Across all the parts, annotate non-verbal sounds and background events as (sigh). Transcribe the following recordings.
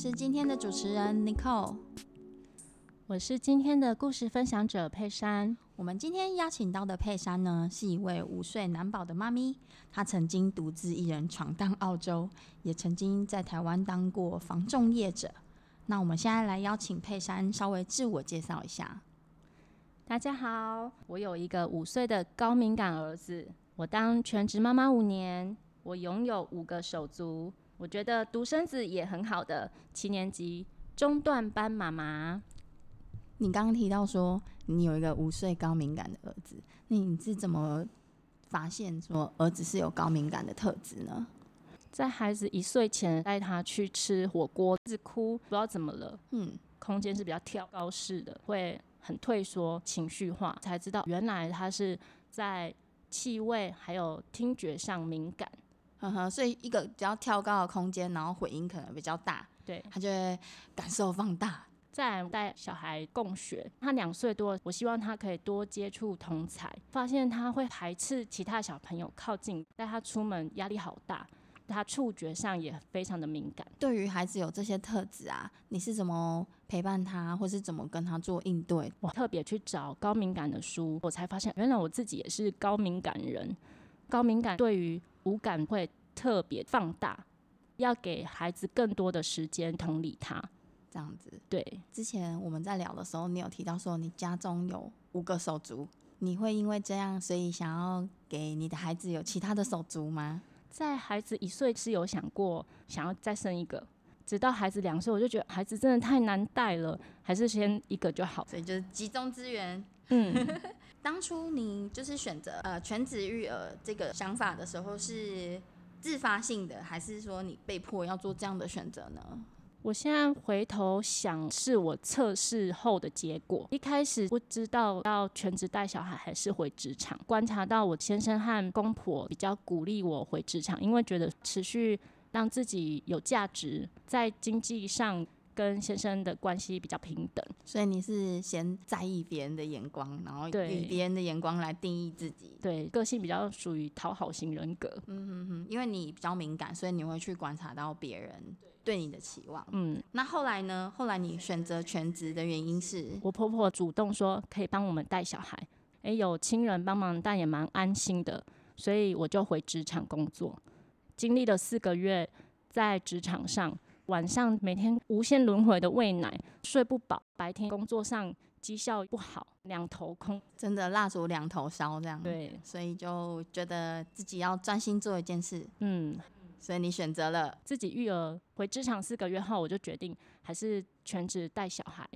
是今天的主持人 Nicole，我是今天的故事分享者佩珊。我們今天邀請到的佩珊呢，是一位五歲男寶的媽咪。她曾經獨自一人闖蕩澳洲，也曾經在台灣當過房仲業者。那我們現在來邀請佩珊稍微自我介紹一下。大家好，我有一個五歲的高敏感兒子。我當全職媽媽五年，我擁有五個手足。我覺得獨生子也很好的。七年級中段班媽媽，你剛剛提到說你有一個五歲高敏感的兒子，那你，你是怎麼發現說兒子是有高敏感的特質呢？在孩子一歲前帶他去吃火鍋，一直哭，不知道怎麼了。嗯，空間是比較挑高式的，會很退縮、情緒化，才知道原來他是在氣味還有聽覺上敏感。呵呵、嗯，所以一個比較挑高的空間，然後回音可能比較大，對，他就會感受放大。在帶小孩共學，他兩歲多，我希望他可以多接觸同儕，發現他會排斥其他小朋友靠近，帶他出門壓力好大，他觸覺上也非常的敏感。對於孩子有這些特質啊，你是怎麼陪伴他，或是怎麼跟他做應對？我特別去找高敏感的書，我才發現原來我自己也是高敏感人，高敏感對於。五感會特別放大，要給孩子更多的時間同理他，這樣子。對，之前我們在聊的時候，你有提到說你家中有五個手足，你會因為這樣，所以想要給你的孩子有其他的手足嗎？在孩子一歲是有想過想要再生一個。直到孩子兩歲，我就覺得孩子真的太難帶了，還是先一個就好。所以就是集中資源。嗯， (laughs) 當初你就是選擇呃全職育兒這個想法的時候是自發性的，還是說你被迫要做這樣的選擇呢？我現在回頭想，是我測試後的結果。一開始不知道要全職帶小孩還是回職場，觀察到我先生和公婆比較鼓勵我回職場，因為覺得持續。讓自己有價值，在經濟上跟先生的關係比較平等。所以你是先在意別人的眼光，然後以別人的眼光來定義自己。對，個性比較屬於討好型人格。嗯嗯嗯，因為你比較敏感，所以你會去觀察到別人對你的期望。嗯，那後來呢？後來你選擇全職的原因是，我婆婆主動說可以幫我們帶小孩，誒、欸，有親人幫忙帶也蠻安心的，所以我就回職場工作。經歷了四個月，在職場上，晚上每天無限輪迴的餵奶，睡不飽；白天工作上績效不好，兩頭空，真的蠟燭兩頭燒這樣。對，所以就覺得自己要專心做一件事。嗯，所以你選擇了自己育兒，回職場四個月後，我就決定還是全職帶小孩。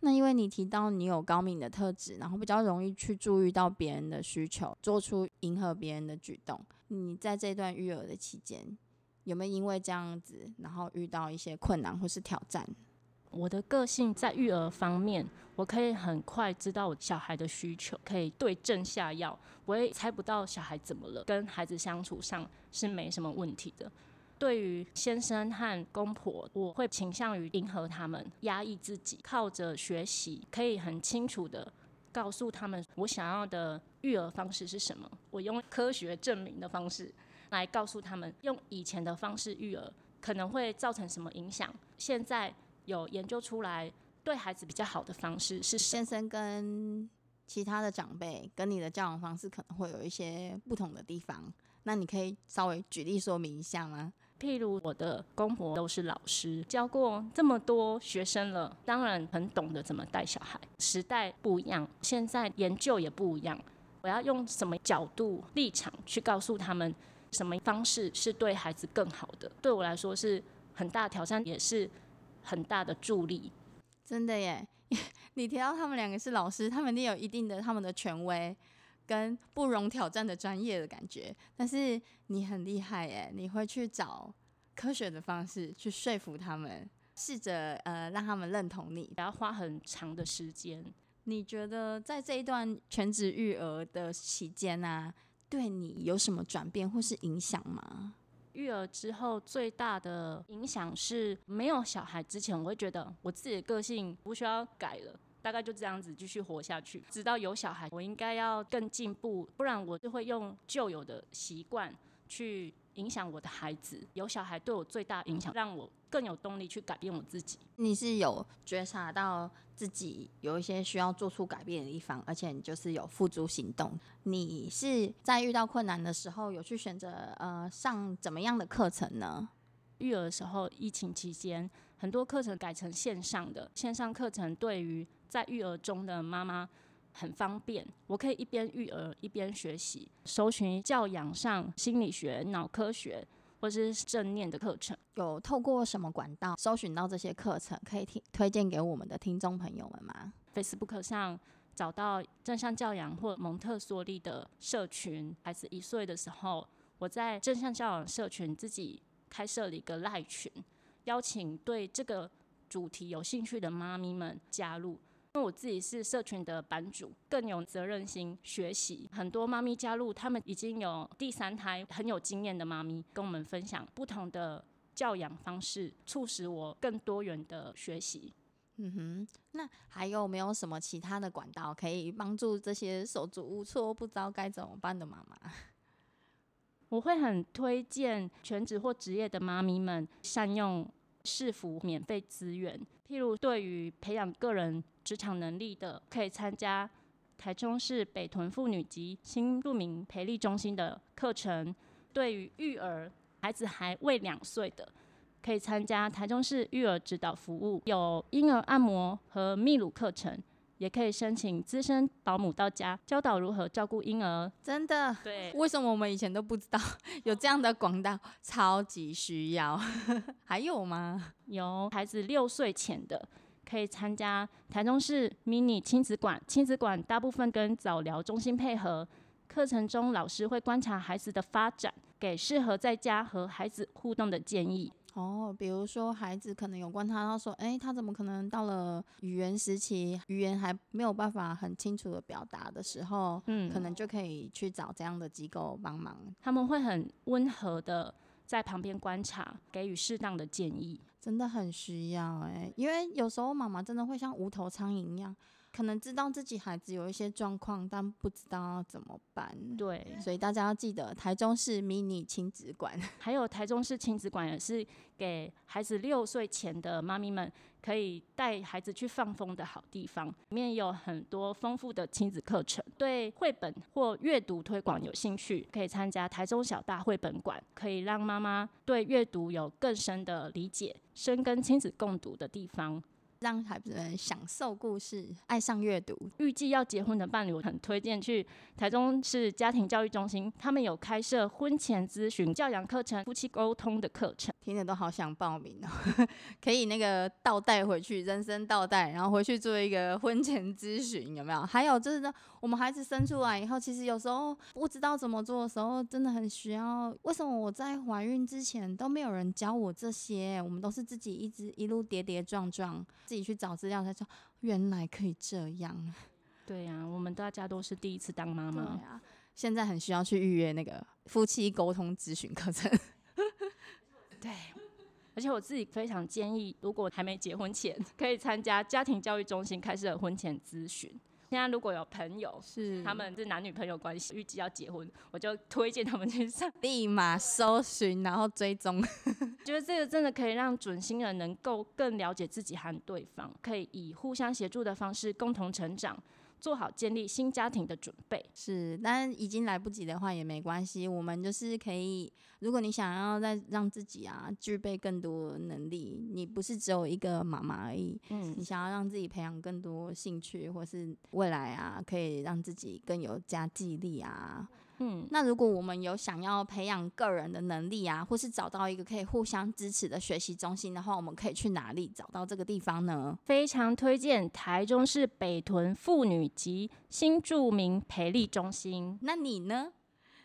那因為你提到你有高敏的特質，然後比較容易去注意到別人的需求，做出迎合別人的舉動。你在這段育兒的期間，有沒有因為這樣子，然後遇到一些困難或是挑戰？我的個性在育兒方面，我可以很快知道我小孩的需求，可以對症下藥，我也猜不到小孩怎麼了。跟孩子相處上是沒什麼問題的。對於先生和公婆，我會傾向於迎合他們，壓抑自己，靠着學習，可以很清楚的告訴他們我想要的育兒方式是什麼。我用科學證明的方式來告訴他們，用以前的方式育兒可能會造成什麼影響。現在有研究出來對孩子比較好的方式是。先生跟其他的長輩跟你的教養方式可能會有一些不同的地方，那你可以稍微舉例說明一下嗎？譬如我的公婆都是老師，教過這麼多學生了，當然很懂得怎麼帶小孩。時代不一樣，現在研究也不一樣，我要用什麼角度立場去告訴他們，什麼方式是對孩子更好的？對我來說是很大挑戰，也是很大的助力。真的耶，你提到他們兩個是老師，他們一定有一定的他們的權威。跟不容挑戰的專業的感覺，但是你很厲害耶！你會去找科學的方式去說服他們，試着呃讓他們認同你，要花很長的時間。你覺得在這一段全職育兒的期間啊，對你有什麼轉變或是影響嗎？育兒之後最大的影響是，沒有小孩之前，我會覺得我自己的個性不需要改了。大概就這樣子繼續活下去，直到有小孩，我應該要更進步，不然我就會用舊有的習慣去影響我的孩子。有小孩對我最大影響，讓我更有動力去改變我自己。你是有覺察到自己有一些需要做出改變的地方，而且你就是有付諸行動。你是在遇到困難的時候有去選擇呃上怎麼樣的課程呢？育兒的時候，疫情期間。很多課程改成線上的，線上課程對於在育兒中的媽媽很方便。我可以一邊育兒一邊學習，搜尋教養上心理學、腦科學或是正念的課程。有透過什麼管道搜尋到這些課程？可以聽推薦給我們的聽眾朋友們嗎？Facebook 上找到正向教養或蒙特梭利的社群。孩子一歲的時候，我在正向教養社群自己開設了一個 Line 群。邀請對這個主題有興趣的媽咪們加入，因為我自己是社群的版主，更有責任心。學習很多媽咪加入，他們已經有第三胎，很有經驗的媽咪跟我們分享不同的教養方式，促使我更多元的學習。嗯哼，那還有沒有什麼其他的管道可以幫助這些手足無措、不知道該怎麼辦的媽媽？我會很推薦全職或職業的媽咪們善用。市府免費資源，譬如對於培養個人職場能力的，可以參加台中市北屯婦女及新住民培力中心的課程；對於育兒，孩子還未兩歲的，可以參加台中市育兒指導服務，有嬰兒按摩和泌乳課程。也可以申請資深保姆到家，教導如何照顧嬰兒。真的？對。為什麼我們以前都不知道有這樣的管道？超級需要。 (laughs) 還有嗎？有孩子六歲前的，可以參加台中市迷你親子館。親子館大部分跟早療中心配合，課程中老師會觀察孩子的發展，給適合在家和孩子互動的建議。哦，比如說孩子可能有觀察到說：“哎、欸，他怎麼可能到了語言時期，語言還沒有辦法很清楚的表達的時候，嗯，可能就可以去找這樣的機構幫忙。他們會很溫和的在旁邊觀察，給予適當的建議，真的很需要，哎、欸，因為有時候媽媽真的會像無頭蒼蠅一樣。”可能知道自己孩子有一些狀況，但不知道怎麼辦。對，所以大家要記得，台中市迷你親子館，還有台中市親子館也是給孩子六歲前的媽咪們可以帶孩子去放風的好地方。裡面有很多豐富的親子課程，對繪本或閱讀推廣有興趣，可以參加台中小大繪本館，可以讓媽媽對閱讀有更深的理解，深耕親子共讀的地方。讓孩子們享受故事，愛上閱讀。預計要結婚的伴侶，我很推薦去台中市家庭教育中心，他們有開設婚前諮詢、教養課程、夫妻溝通的課程。聽着都好想報名哦，可以那個倒帶回去，人生倒帶，然後回去做一個婚前諮詢，有沒有？還有就是說，我們孩子生出來以後，其實有時候不知道怎麼做的時候，真的很需要。為什麼我在懷孕之前都沒有人教我這些？我們都是自己一直一路跌跌撞撞，自己去找資料，才說原來可以這樣。對呀，啊，我們大家都是第一次當媽媽，對啊，現在很需要去預約那個夫妻溝通諮詢課程。對，而且我自己非常建議，如果還沒結婚前，可以參加家庭教育中心開設的婚前諮詢。現在如果有朋友是他們是男女朋友關係，預計要結婚，我就推薦他們去上，立馬搜尋，然後追蹤， (laughs) 覺得這個真的可以讓準新人能夠更了解自己和對方，可以以互相協助的方式共同成長。做好建立新家庭的準備是。但已經來不及的話也沒關係，我們就是可以，如果你想要再讓自己啊具備更多能力，你不是只有一個媽媽而已，嗯，你想要讓自己培養更多興趣，或是未來啊，可以讓自己更有加績力啊。嗯，那如果我們有想要培養個人的能力啊，或是找到一個可以互相支持的學習中心的話，我們可以去哪裡找到這個地方呢？非常推薦台中市北屯婦女及新住民培力中心。那你呢？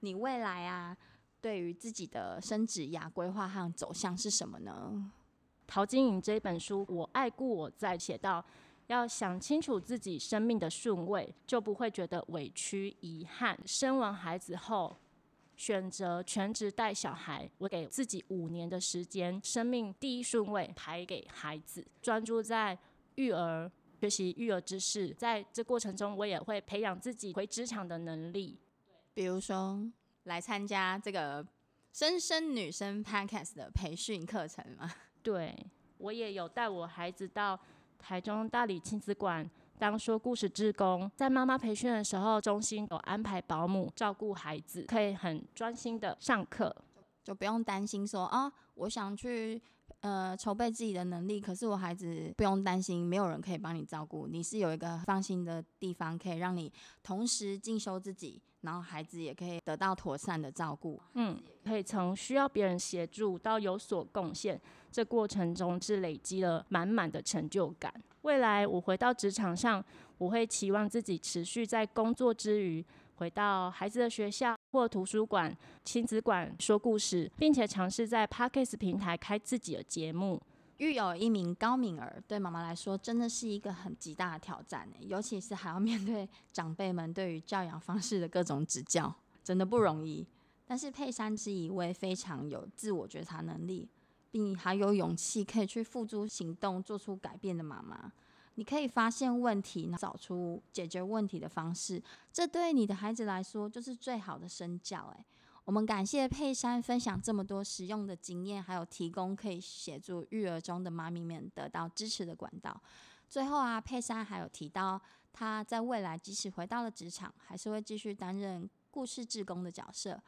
你未來啊，對於自己的生職涯規劃和走向是什麼呢？陶晶瑩這本書《我愛故我在》寫到。要想清楚自己生命的順位，就不會覺得委屈、遺憾。生完孩子後，選擇全職帶小孩，我給自己五年的時間，生命第一順位排給孩子，專注在育兒、學習育兒知識。在這過程中，我也會培養自己回職場的能力，比如說來參加這個“生生女生 ”Podcast 的培訓課程嘛。對，我也有帶我孩子到。台中、大理親子館當說故事志工，在媽媽培訓的時候，中心有安排保姆照顧孩子，可以很專心的上課，就不用擔心說啊、哦，我想去呃籌備自己的能力，可是我孩子不用擔心，沒有人可以幫你照顧，你是有一個放心的地方，可以讓你同時進修自己。然後孩子也可以得到妥善的照顧，嗯，可以從需要別人協助到有所貢獻，這過程中是累積了滿滿的成就感。未來我回到職場上，我會期望自己持續在工作之餘，回到孩子的學校或圖書館、親子館說故事，並且嘗試在 Podcast 平台開自己的節目。育有一名高敏兒，對媽媽來說真的是一個很極大的挑戰哎，尤其是還要面對長輩們對於教養方式的各種指教，真的不容易。但是佩珊是一位非常有自我覺察能力，並還有勇氣可以去付諸行動、做出改變的媽媽。你可以發現問題，找出解決問題的方式，這對你的孩子來說就是最好的身教哎。我們感謝佩珊分享這麼多實用的經驗，還有提供可以協助育兒中的媽咪們得到支持的管道。最後啊，佩珊還有提到，她在未來即使回到了職場，還是會繼續擔任故事志工的角色。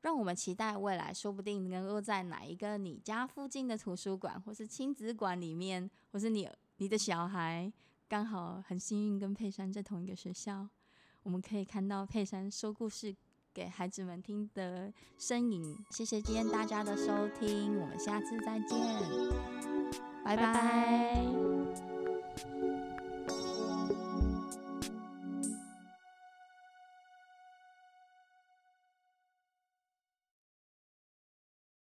讓我們期待未來，說不定能夠在哪一個你家附近的圖書館，或是親子館裡面，或是你你的小孩剛好很幸運跟佩珊在同一個學校，我們可以看到佩珊說故事。給孩子們聽的聲音，謝謝今天大家的收聽，我們下次再見，拜拜。拜拜。